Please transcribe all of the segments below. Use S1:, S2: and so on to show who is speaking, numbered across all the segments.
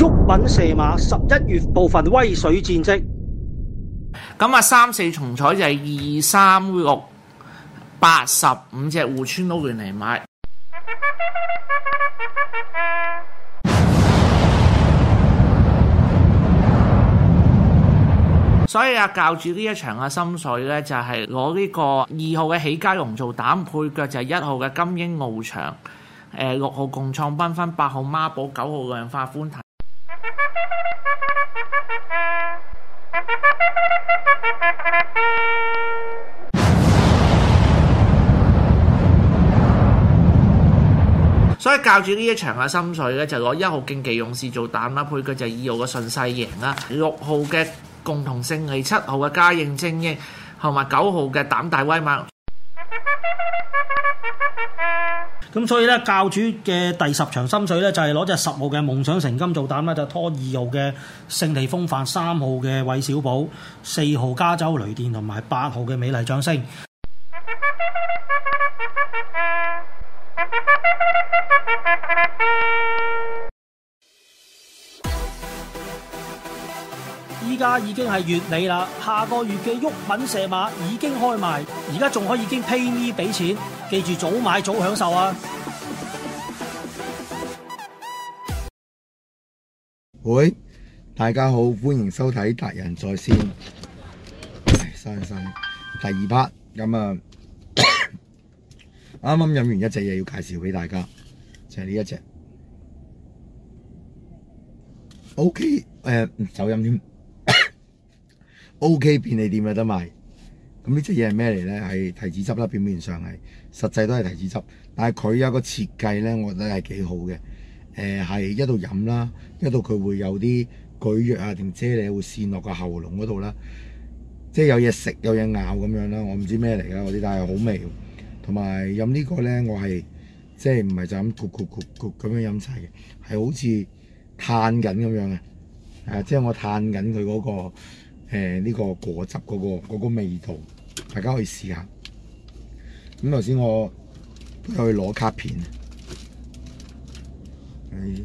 S1: 沃品射馬十一月部分威水戰績，咁啊三四重彩就係二三六八十五隻互村都亂嚟買，所以啊，教主呢一場嘅心水呢，就係攞呢個二號嘅起家龍做膽配腳就係一號嘅金鷹翱翔，誒六號共創繽紛，八號孖寶，九號亮化歡騰。所以教住呢一場嘅心水呢，就攞一號競技勇士做膽啦，配佢就二號嘅順勢贏啦，六號嘅共同勝利，七號嘅家應精英，同埋九號嘅膽大威猛。咁所以咧，教主嘅第十場心水咧，就係攞隻十號嘅夢想成金做膽咧，就拖二號嘅勝利風範、三號嘅韋小寶、四號加州雷電同埋八號嘅美麗掌聲。而家已經係月尾啦，下個月嘅玉品射馬已經開賣，而家仲可以經 PayMe 俾錢，記住早買早享受啊！喂，大家好，歡迎收睇達仁在線。唉，生晒，第二 part 咁，嗯、啊，啱啱飲完一隻嘢，要介紹俾大家，就係、是、呢一隻。OK，誒，呃，唔走飲添。O.K. 便利店有得賣，咁呢隻嘢係咩嚟咧？係提子汁啦，表面上係，實際都係提子汁。但係佢有一個設計咧，我覺得係幾好嘅。誒，係一度飲啦，一度佢會有啲咀嚼啊，定啫喱會滲落個喉嚨嗰度啦，即係有嘢食有嘢咬咁樣啦。我唔知咩嚟㗎，嗰啲，但係好味。同埋飲呢個咧，我係即係唔係就咁啜啜啜啜咁樣飲晒嘅，係好似嘆緊咁樣嘅。誒，即係我嘆緊佢嗰個。誒，呢個果汁嗰個嗰個味道，大家可以試下。咁頭先我都有去攞卡片，誒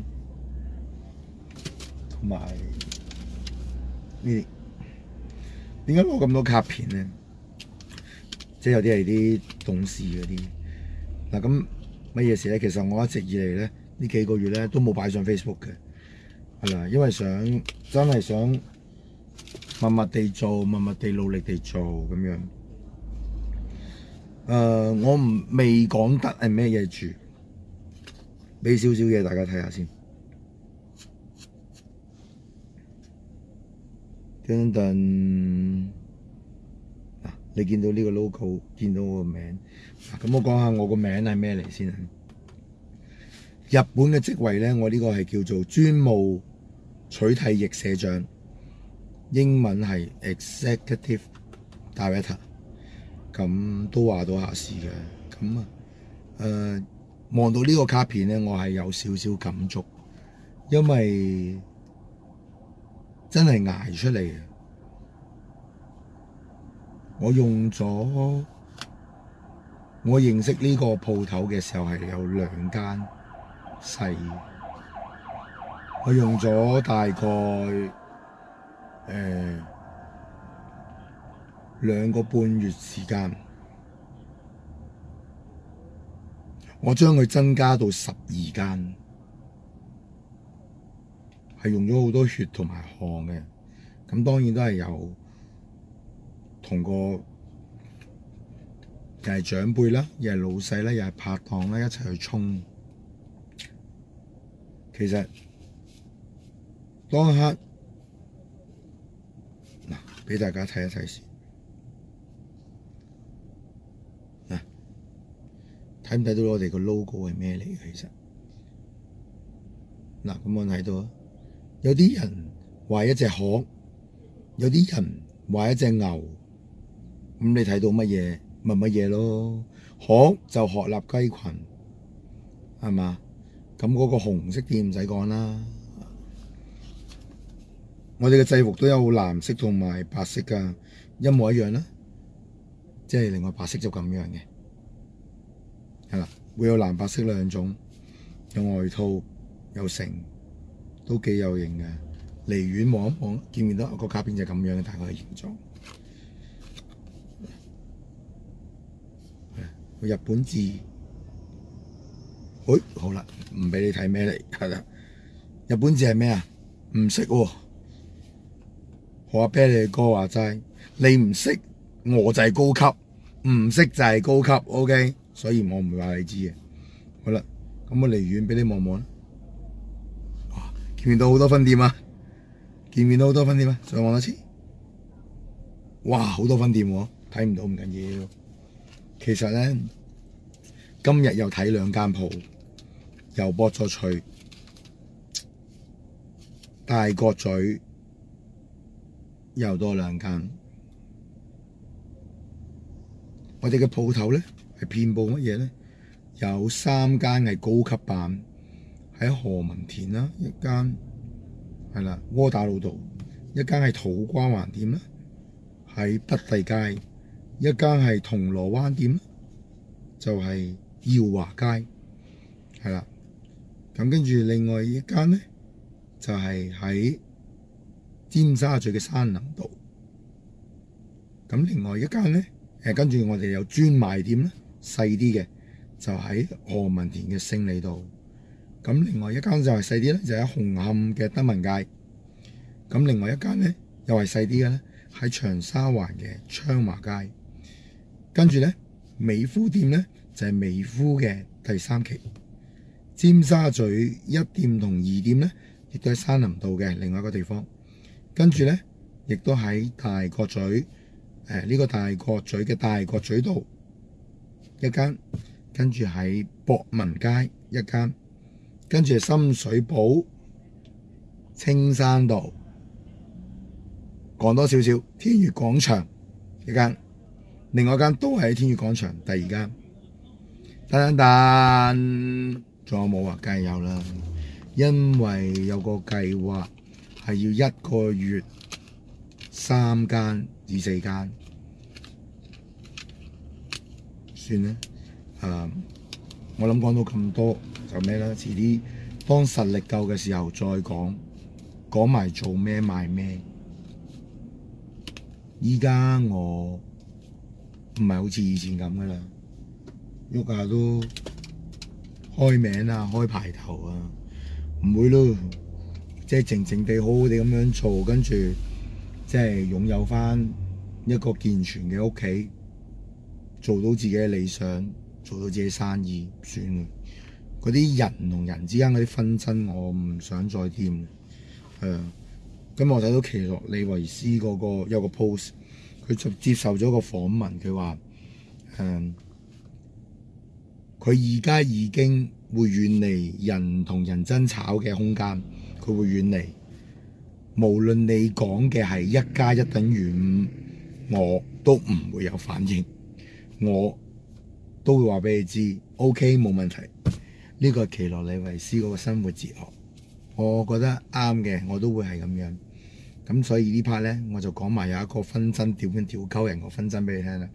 S1: 同埋呢啲點解攞咁多卡片咧？即係有啲係啲董事嗰啲。嗱，咁乜嘢事咧？其實我一直以嚟咧呢幾個月咧都冇擺上 Facebook 嘅，係啦，因為想真係想。默默地做，默默地努力地做咁樣。誒、呃，我未講得係咩嘢住，畀少少嘢大家睇下先。等等，嗱，你見到呢個 logo，見到我個名。咁我講下我個名係咩嚟先？日本嘅職位咧，我呢個係叫做專務取締役社長。英文係 Executive Director，咁都話到下事嘅，咁啊，誒、呃、望到呢個卡片咧，我係有少少感觸，因為真係捱出嚟，我用咗我認識呢個鋪頭嘅時候係有兩間細，我用咗大概。誒、呃，兩個半月時間，我將佢增加到十二間，係用咗好多血同埋汗嘅。咁當然都係有同個又係長輩啦，又係老細啦，又係拍檔啦，一齊去衝。其實當一刻。俾大家睇一睇先，嗱、啊，睇唔睇到我哋個 logo 係咩嚟？其實嗱，咁我睇到，有啲人畫一隻鶴，有啲人畫一隻牛，咁你睇到乜嘢？咪乜嘢咯？鶴就鶴立雞群，係嘛？咁嗰個紅色點唔使講啦。我哋嘅制服都有藍色同埋白色㗎，一模一樣啦。即係另外白色就咁樣嘅，係啦，會有藍白色兩種。有外套，有成，都幾有型嘅。離遠望一望，見唔到個卡片就係咁樣嘅大概形狀。日本字，誒、哎、好啦，唔俾你睇咩嚟，係啦。日本字係咩啊？唔識喎。我阿啤你哥話齋，你唔識我就係高級，唔識就係高級，OK。所以我唔會話你知嘅。好啦，咁我離遠畀你望望啦。哇，見唔見到好多分店啊！見唔見到好多分店啊，再望多次。哇，好多分店喎，啊，睇唔到唔緊要。其實咧，今日又睇兩間鋪，又駁咗去，大角嘴。又多兩間，我哋嘅鋪頭咧係遍布乜嘢咧？有三間係高級版，喺何文田啦，一間係啦，窩打老道，一間係土瓜灣店啦，喺北帝街，一間係銅鑼灣店啦，就係耀華街，係啦。咁跟住另外一間咧，就係喺尖沙咀嘅山林道，咁另外一間呢，誒，跟住我哋有專賣店咧，細啲嘅就喺何文田嘅勝利道。咁另外一間就係細啲呢就喺紅磡嘅德文街。咁另外一間呢，又係細啲嘅呢喺長沙灣嘅昌華街。跟住呢，美孚店呢，就係美孚嘅第三期。尖沙咀一店同二店呢，亦都喺山林道嘅另外一個地方。跟住呢，亦都喺大角咀，誒、呃、呢、這個大角咀嘅大角咀道，一間，跟住喺博文街一間，跟住深水埗青山道，講多少少天悅廣場一間，另外一間都喺天悅廣場，第二間，等等，噔，仲有冇啊？梗係有啦，因為有個計劃。係要一個月三間至四間，算啦。誒、uh，我諗講到咁多就咩啦，遲啲當實力夠嘅時候再講，講埋做咩賣咩。而家我唔係好似以前咁噶啦，喐下都開名啊，開排頭啊，唔會咯。即係靜靜地好好地咁樣做，跟住即係擁有翻一個健全嘅屋企，做到自己嘅理想，做到自己生意算嘞。嗰啲人同人之間嗰啲紛爭，我唔想再掂。誒、嗯，咁我睇到奇洛利維斯嗰個有個 post，佢就接受咗個訪問，佢話誒，佢而家已經會遠離人同人爭吵嘅空間。佢會遠離，無論你講嘅係一加一等於五，我都唔會有反應。我都會話俾你知 ，OK 冇問題。呢個係奇洛李維斯嗰個生活哲學，我覺得啱嘅，我都會係咁樣。咁所以呢 part 呢，我就講埋有一個分身點樣掉溝人個分身俾你聽啦。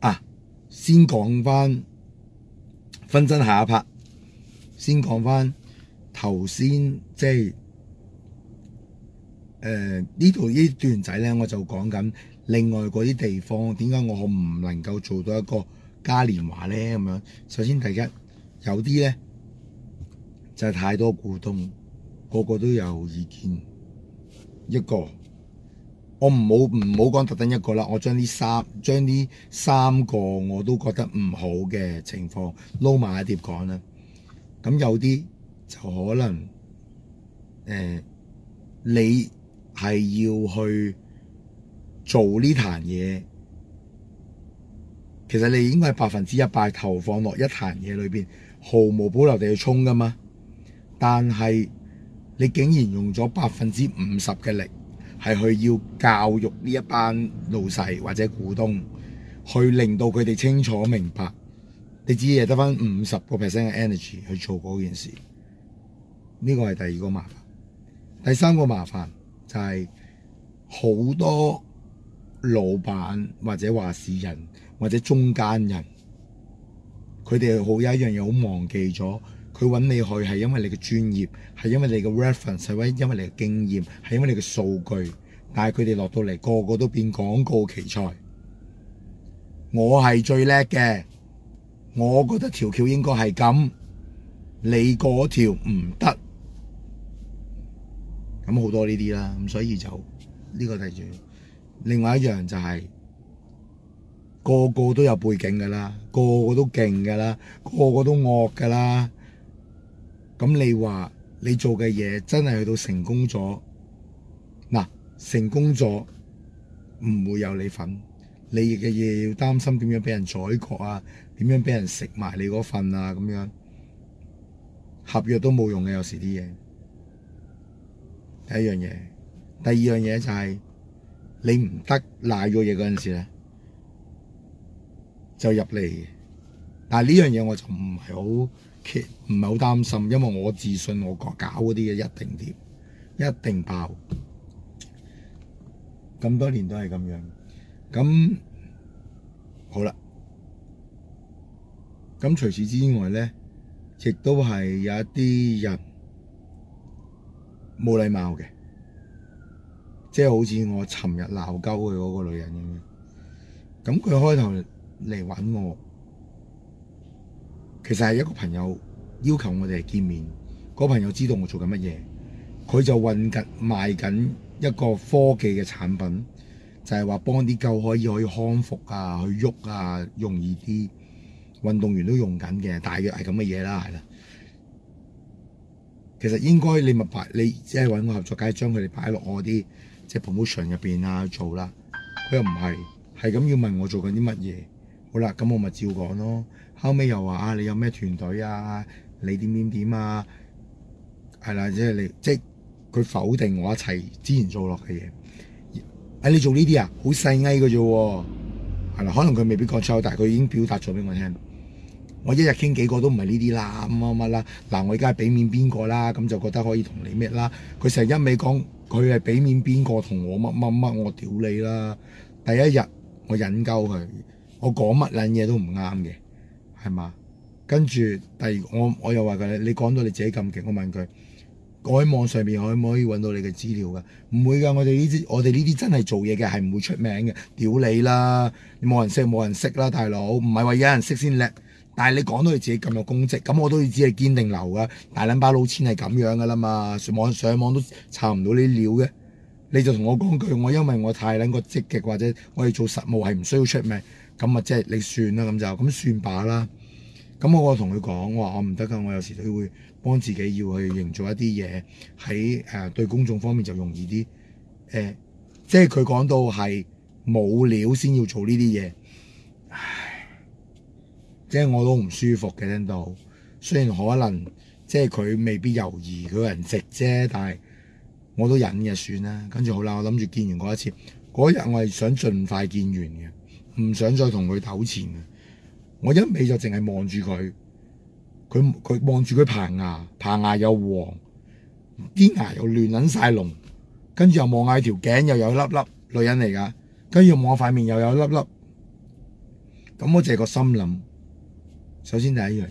S1: 啊，先講翻。分身下一 part，先講翻頭先，即係誒呢度呢段仔咧，我就講緊另外嗰啲地方點解我唔能夠做到一個嘉年華咧咁樣。首先第一，有啲咧就係、是、太多股東，個個都有意見一個。我唔好唔好講特登一個啦，我將呢三將呢三個我都覺得唔好嘅情況撈埋一碟講啦。咁有啲就可能誒、呃，你係要去做呢壇嘢，其實你應該係百分之一百投放落一壇嘢裏邊，毫無保留地去衝噶嘛。但係你竟然用咗百分之五十嘅力。係去要教育呢一班老細或者股東，去令到佢哋清楚明白，你只係得返五十個 percent 嘅 energy 去做嗰件事，呢個係第二個麻煩。第三個麻煩就係、是、好多老闆或者話事人或者中間人，佢哋好有一樣嘢好忘記咗。佢揾你去係因為你嘅專業，係因為你嘅 reference，係因為因為你嘅經驗，係因為你嘅數據。但係佢哋落到嚟個個都變廣告奇才，我係最叻嘅。我覺得條橋應該係咁，你嗰條唔得。咁好多呢啲啦，咁所以就呢個第二。另外一樣就係個個都有背景㗎啦，個個都勁㗎啦，個個都惡㗎啦。咁你話你做嘅嘢真係去到成功咗，嗱，成功咗唔會有你份，你嘅嘢要擔心點樣畀人宰割啊，點樣畀人食埋你嗰份啊咁樣，合約都冇用嘅有時啲嘢。第一樣嘢，第二樣嘢就係你唔得賴咗嘢嗰陣時咧，就入嚟。但係呢樣嘢我就唔係好唔係好擔心，因為我自信我搞嗰啲嘢一定掂，一定爆，咁多年都係咁樣。咁好啦，咁除此之外呢，亦都係有一啲人冇禮貌嘅，即係好似我尋日鬧交佢嗰個女人咁樣。咁佢開頭嚟揾我。其實係一個朋友要求我哋見面，嗰朋友知道我做緊乜嘢，佢就運緊賣緊一個科技嘅產品，就係話幫啲狗可以可以康復啊，去喐啊，容易啲，運動員都用緊嘅，大約係咁嘅嘢啦。係啦。其實應該你咪擺，你即係揾我合作我，梗係將佢哋擺落我啲即係 promotion 入邊啊做啦。佢又唔係係咁要問我做緊啲乜嘢。好啦，咁我咪照講咯。後尾又話啊，你有咩團隊啊？你點點點啊？係啦，即係你即佢否定我一切之前做落嘅嘢。哎、啊，你做呢啲啊？好細埃嘅啫，係啦。可能佢未必講出口，但係佢已經表達咗俾我聽。我一日傾幾個都唔係呢啲啦，咁乜乜啦。嗱，我而家係俾面邊個啦，咁就覺得可以同你咩啦。佢成日一味講佢係俾面邊個同我乜乜乜，我屌你啦！第一日我引咎佢。我講乜撚嘢都唔啱嘅，係嘛？跟住第二，我我又話佢：你講到你自己咁勁，我問佢，我喺網上面可唔可以揾到你嘅資料㗎？唔會㗎。我哋呢啲我哋呢啲真係做嘢嘅係唔會出名嘅。屌你啦，你冇人識冇人識啦，大佬唔係話有人識先叻。但係你講到你自己咁有功績，咁我都只係堅定流㗎，大撚把老千係咁樣㗎啦嘛。上網上網都查唔到呢啲料嘅，你就同我講句，我因為我太撚個積極，或者我哋做實務係唔需要出名。咁啊，即係你算啦，咁就咁算吧啦。咁我同佢講，我話我唔得㗎。我有時佢會幫自己要去營造一啲嘢喺，誒對公眾方面就容易啲誒、呃，即係佢講到係冇料先要做呢啲嘢，即係我都唔舒服嘅聽到。雖然可能即係佢未必猶豫，佢個人直啫，但係我都忍嘅算啦。跟住好啦，我諗住見完嗰一次嗰日，我係想盡快見完嘅。唔想再同佢糾纏，我一味就淨係望住佢，佢佢望住佢棚牙，棚牙又黃，啲牙又亂撚晒龍，跟住又望下條頸又有粒粒女人嚟㗎，跟住望下塊面又有粒粒，咁我淨係個心諗，首先第一樣嘢，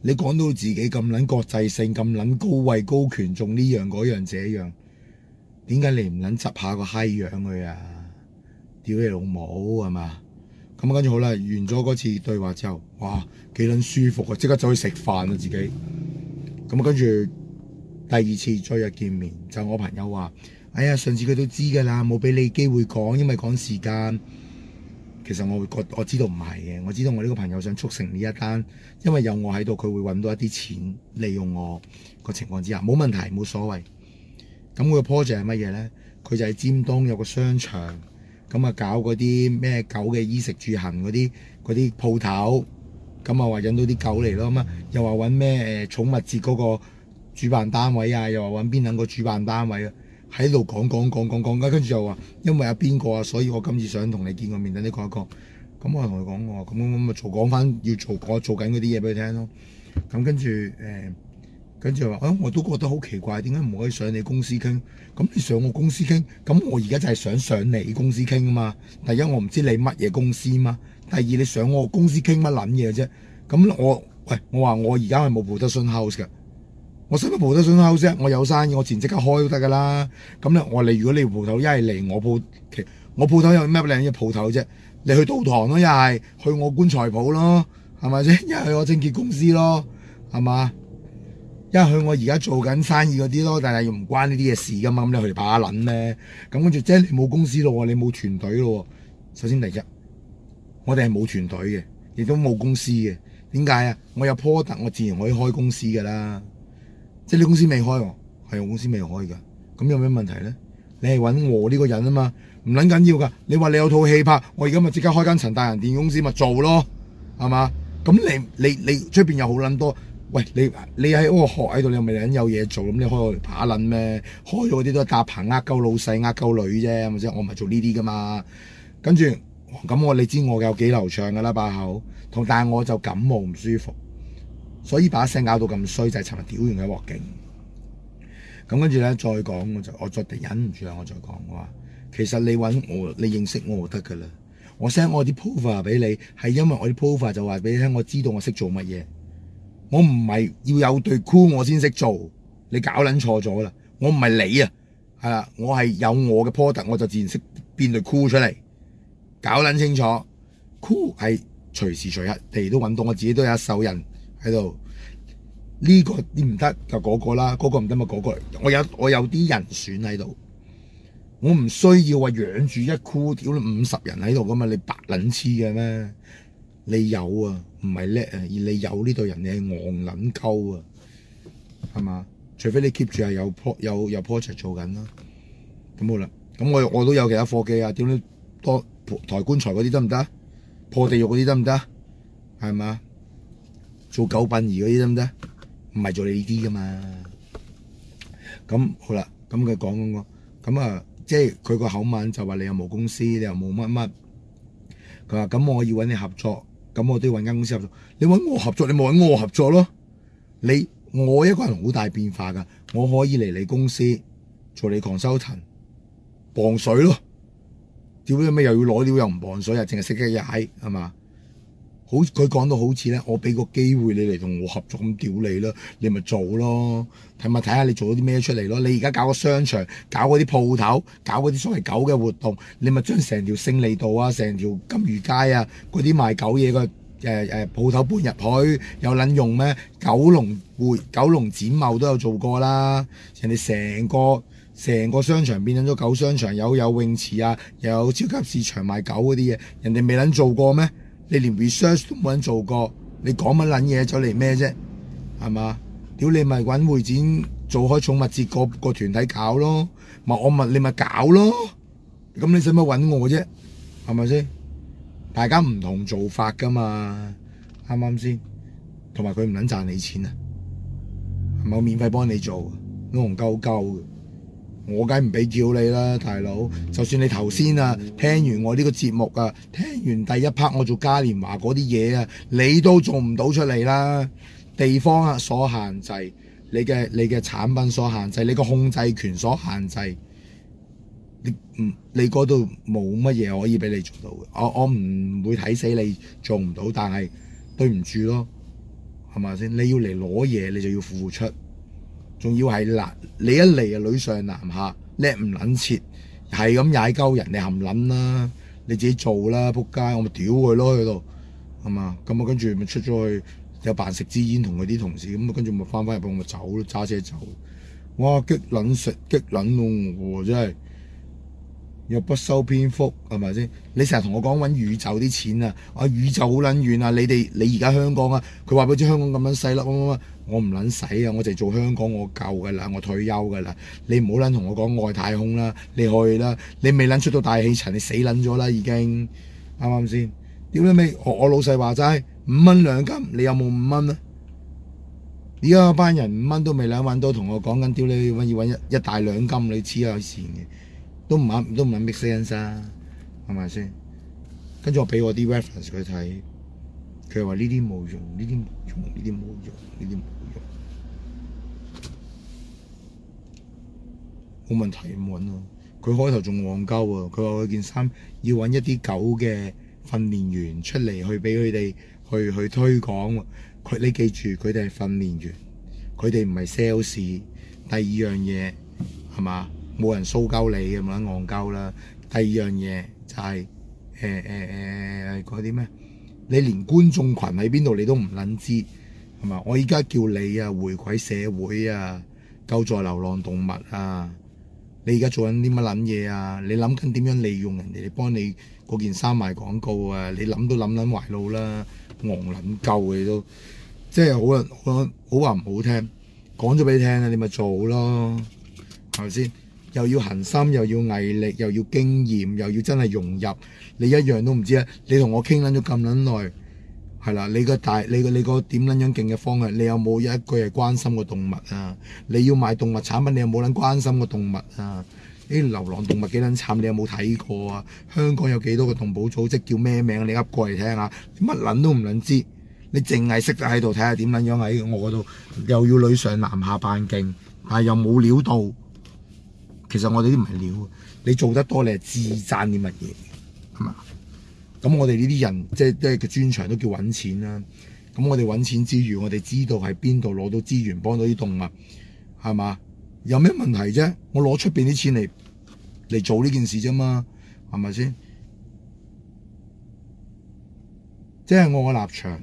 S1: 你講到自己咁撚國際性，咁撚高位高權重，重呢樣嗰樣這樣，點解你唔撚執下個閪樣佢啊？屌你老母係嘛？咁跟住好啦，完咗嗰次對話之後，哇，幾撚舒服啊！即刻走去食飯啦自己。咁跟住第二次再約見面，就我朋友話：「哎呀，上次佢都知㗎啦，冇俾你機會講，因為趕時間。其實我會覺我知道唔係嘅，我知道我呢個朋友想促成呢一單，因為有我喺度，佢會揾到一啲錢，利用我個情況之下，冇問題，冇所謂。咁佢個 project 係乜嘢呢？佢就喺尖東有個商場。咁啊，就搞嗰啲咩狗嘅衣食住行嗰啲嗰啲鋪頭，咁啊話引到啲狗嚟咯，咁啊又話揾咩寵物節嗰個主辦單位啊，又話揾邊兩個主辦單位啊，喺度講講講講講，跟跟住又話因為有邊個啊，所以我今次想同你見個面，等你講一講。咁我同佢講喎，咁咁咪做講翻要做我做緊嗰啲嘢俾佢聽咯。咁跟住誒。欸跟住話，誒、哎、我都覺得好奇怪，點解唔可以上你公司傾？咁你上我公司傾，咁我而家就係想上你公司傾啊嘛！第一我唔知你乜嘢公司嘛，第二你上我公司傾乜撚嘢啫？咁我，喂，我話我而家係冇蒲德信 house 嘅，我使乜蒲德信 house 啫？我有生意，我前即刻開都得噶啦。咁咧，我你如果你鋪頭一係嚟我鋪，我鋪頭有咩靚嘅鋪頭啫？你去道堂咯，一係去我棺材鋪咯，係咪先？一係去我清潔公司咯，係嘛？因為佢我而家做緊生意嗰啲咯，但係又唔關呢啲嘢事噶嘛，咁咧佢哋下撚咧，咁跟住即係你冇公司咯，你冇團隊咯，首先第一，我哋係冇團隊嘅，亦都冇公司嘅。點解啊？我有 product，我自然可以開公司噶啦。即係你公司未開喎、喔，係我公司未開噶。咁有咩問題咧？你係揾我呢個人啊嘛，唔撚緊要噶。你話你有套戲拍，我而家咪即刻開間陳達仁電影公司咪做咯，係嘛？咁你你你出邊有好撚多？喂，你你喺嗰個學喺度，你咪揾有嘢做咁，你開嚟把撚咩？開咗啲都係搭棚呃鳩老細，呃鳩女啫，係咪先？我唔係做呢啲噶嘛。跟住咁，我你知我有幾流暢噶啦把口，但係我就感冒唔舒服，所以把聲拗到咁衰，就係尋日屌完個鑊勁。咁跟住咧，再講我就我再忍唔住啦，我再講我話，其實你揾我，你認識我就得噶啦，我 send 我啲 proof 俾你，係因為我啲 proof 就話俾你聽，你知我知道我識做乜嘢。我唔係要有對箍我先識做，你搞捻錯咗啦！我唔係你啊，係啦，我係有我嘅 product，我就自然識變對箍出嚟。搞捻清楚，箍係隨時隨刻，地都搵到，我自己都有一手人喺度。呢個你唔得就嗰個啦，嗰個唔得咪嗰個。我有我有啲人選喺度，我唔需要話養住一箍屌五十人喺度噶嘛，你白捻黐嘅咩？你有啊，唔係叻啊，而你有呢隊人，你係戇撚鳩啊，係嘛？除非你 keep 住係有 pro 有有 project 做緊啦，啊，咁好啦，咁我我都有其他伙記啊，點樣多抬棺材嗰啲得唔得？破地獄嗰啲得唔得？係嘛？做狗殯儀嗰啲得唔得？唔係做你啲㗎嘛？咁好啦，咁佢講咁講，咁啊即係佢個口吻就話你又冇公司，你又冇乜乜，佢話咁我要揾你合作。咁我都要揾間公司合作，你揾我合作，你咪揾我合作咯。你我一個人好大變化噶，我可以嚟你公司做你狂收塵磅水咯。屌你咩又要攞料又唔磅水啊，淨係識得踩係嘛？好，佢講到好似咧，我俾個機會你嚟同我合作，咁屌你，你，咯，看看你咯，你咪做咯，睇咪睇下你做咗啲咩出嚟咯。你而家搞個商場，搞嗰啲鋪頭，搞嗰啲所謂狗嘅活動，你咪將成條勝利道啊，成條金魚街啊，嗰啲賣狗嘢嘅誒誒鋪頭搬入去，有撚用咩？九龍匯、九龍展貿都有做過啦，人哋成個成個商場變咗咗狗商場，有有泳池啊，又有，有超級市場賣狗嗰啲嘢，人哋未撚做過咩？你連 research 都冇人做過，你講乜撚嘢出嚟咩啫？係嘛？屌你咪揾會展做開寵物節個個團體搞咯，咪我咪你咪搞咯。咁你使乜揾我啫？係咪先？大家唔同做法噶嘛，啱啱先，同埋佢唔撚賺你錢啊，係咪？我免費幫你做，憨鳩鳩嘅。我梗唔俾叫你啦，大佬。就算你頭先啊聽完我呢個節目啊，聽完第一 part 我做嘉年華嗰啲嘢啊，你都做唔到出嚟啦。地方啊所限制，你嘅你嘅產品所限制，你個控制權所限制，你嗰度冇乜嘢可以俾你做到嘅。我我唔會睇死你做唔到，但係對唔住咯，係咪先？你要嚟攞嘢，你就要付出。仲要係嗱，你一嚟就女上男下，叻唔撚切，係咁踩鳩人，你含撚啦，你自己做啦，仆街，我咪屌佢咯，喺度，係嘛？咁啊跟住咪出咗去，有扮食支煙同佢啲同事，咁啊跟住咪翻返入去，我咪走咯，揸車走，哇激撚食，激撚喎，真係～又不收蝙蝠，係咪先？你成日同我講揾宇宙啲錢啊！啊宇宙好捻遠啊！你哋你而家香港啊？佢話俾我知香港咁樣細粒，我唔捻使啊！我就做香港我夠噶啦，我退休噶啦！你唔好捻同我講外太空啦，你去以啦！你未捻出到大氣層，你死捻咗啦已經，啱唔啱先？屌你咪我老細話齋五蚊兩金，你有冇五蚊咧？而家班人五蚊都未捻搵到，同我講緊屌你要，要搵一大兩金，你黐線嘅！都唔啱，都唔啱 make sense 啊，係咪先？跟住我畀我啲 reference 佢睇，佢又話呢啲冇用，呢啲冇用，呢啲冇用，呢啲冇用，冇問題咁揾咯。佢開頭仲戇鳩啊，佢話佢件衫要揾一啲狗嘅訓練員出嚟去畀佢哋去去推廣。佢，你記住，佢哋係訓練員，佢哋唔係 sales。第二樣嘢係嘛？冇人訴鳩你，咁樣戇鳩啦！第二樣嘢就係誒誒誒嗰啲咩？你連觀眾羣喺邊度你都唔撚知，係嘛？我而家叫你啊，回饋社會啊，救助流浪動物啊！你而家做緊啲乜撚嘢啊？你諗緊點樣利用人哋嚟幫你嗰件衫賣廣告啊？你諗都諗撚壞腦啦，戇撚鳩你都，即係好啦，好話唔好聽，講咗俾你聽啦，你咪做咯，係咪先？又要恒心，又要毅力，又要經驗，又要真係融入，你一樣都唔知啊！你同我傾撚咗咁撚耐，係啦，你個大你個你個點撚樣勁嘅方向，你有冇一句係關心個動物啊？你要買動物產品，你有冇撚關心個動物啊？啲、哎、流浪動物幾撚慘，你有冇睇過啊？香港有幾多個動保組織，叫咩名？你噏過嚟聽下，乜撚都唔撚知，你淨係識得喺度睇下點撚樣喺我度，又要女上男下扮勁，但又冇料到。其實我哋啲唔係料，你做得多，你係自讚啲乜嘢？係嘛？咁我哋呢啲人，即係即係個專長都叫搵錢啦。咁我哋搵錢之餘，我哋知道喺邊度攞到資源幫到啲動物，係嘛？有咩問題啫？我攞出面啲錢嚟嚟做呢件事啫嘛？係咪先？即係我嘅立場，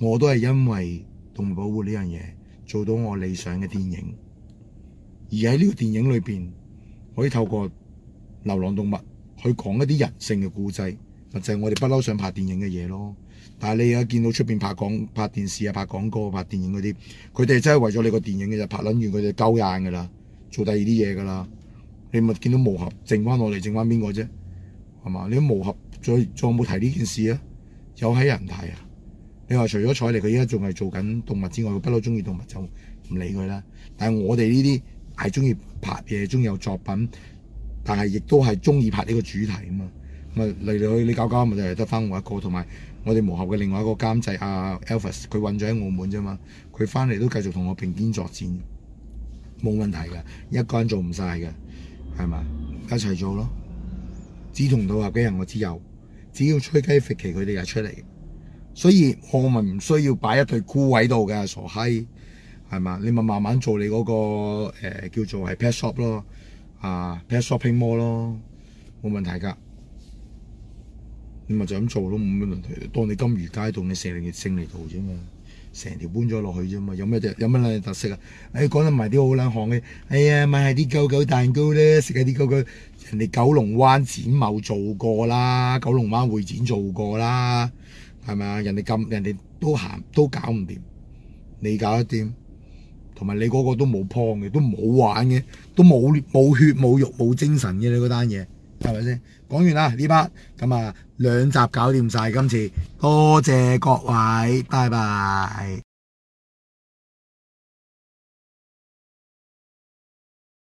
S1: 我都係因為動物保護呢樣嘢，做到我理想嘅電影。而喺呢個電影裏邊，可以透過流浪動物去講一啲人性嘅故仔，就係、是、我哋不嬲想拍電影嘅嘢咯。但係你而家見到出邊拍廣拍電視啊、拍廣告、拍電影嗰啲，佢哋真係為咗你個電影嘅就拍撚完佢就鳩硬㗎啦，做第二啲嘢㗎啦。你咪見到無合剩翻我哋，剩翻邊個啫？係嘛？你都無合再再冇提呢件事啊？有喺人睇啊？你話除咗彩利，佢而家仲係做緊動物之外，佢不嬲中意動物就唔理佢啦。但係我哋呢啲。係鍾意拍嘢，鍾意有作品，但係亦都係鍾意拍呢個主題啊嘛！咪嚟嚟去去，你搞搞，咪就係得翻我一個。同埋我哋幕後嘅另外一個監製阿 Elvis，佢揾咗喺澳門啫嘛，佢翻嚟都繼續同我並肩作戰，冇問題嘅，一個人做唔晒嘅，係咪？一齊做咯，志同道合嘅人我知有，只要吹雞肥其佢哋就出嚟，所以我唔需要擺一對孤位度嘅傻閪。係嘛？你咪慢慢做你嗰、那個、呃、叫做係 pet shop 咯，啊 pet shopping mall 咯，冇問題㗎。你咪就咁做咯，冇問題。當你金魚街度，你勝勝利道啫嘛，成條搬咗落去啫嘛，有咩特有咩特色啊？誒講得唔係啲好靚行嘅，哎呀咪係啲狗狗蛋糕咧，食下啲狗狗人哋九龍灣展茂做過啦，九龍灣會展做過啦，係咪啊？人哋咁人哋都行都搞唔掂，你搞得掂？同埋你嗰個都冇碰嘅，都冇玩嘅，都冇冇血冇肉冇精神嘅你嗰單嘢，係咪先？講完啦呢 part，咁啊兩集搞掂晒，今次多謝各位，拜拜。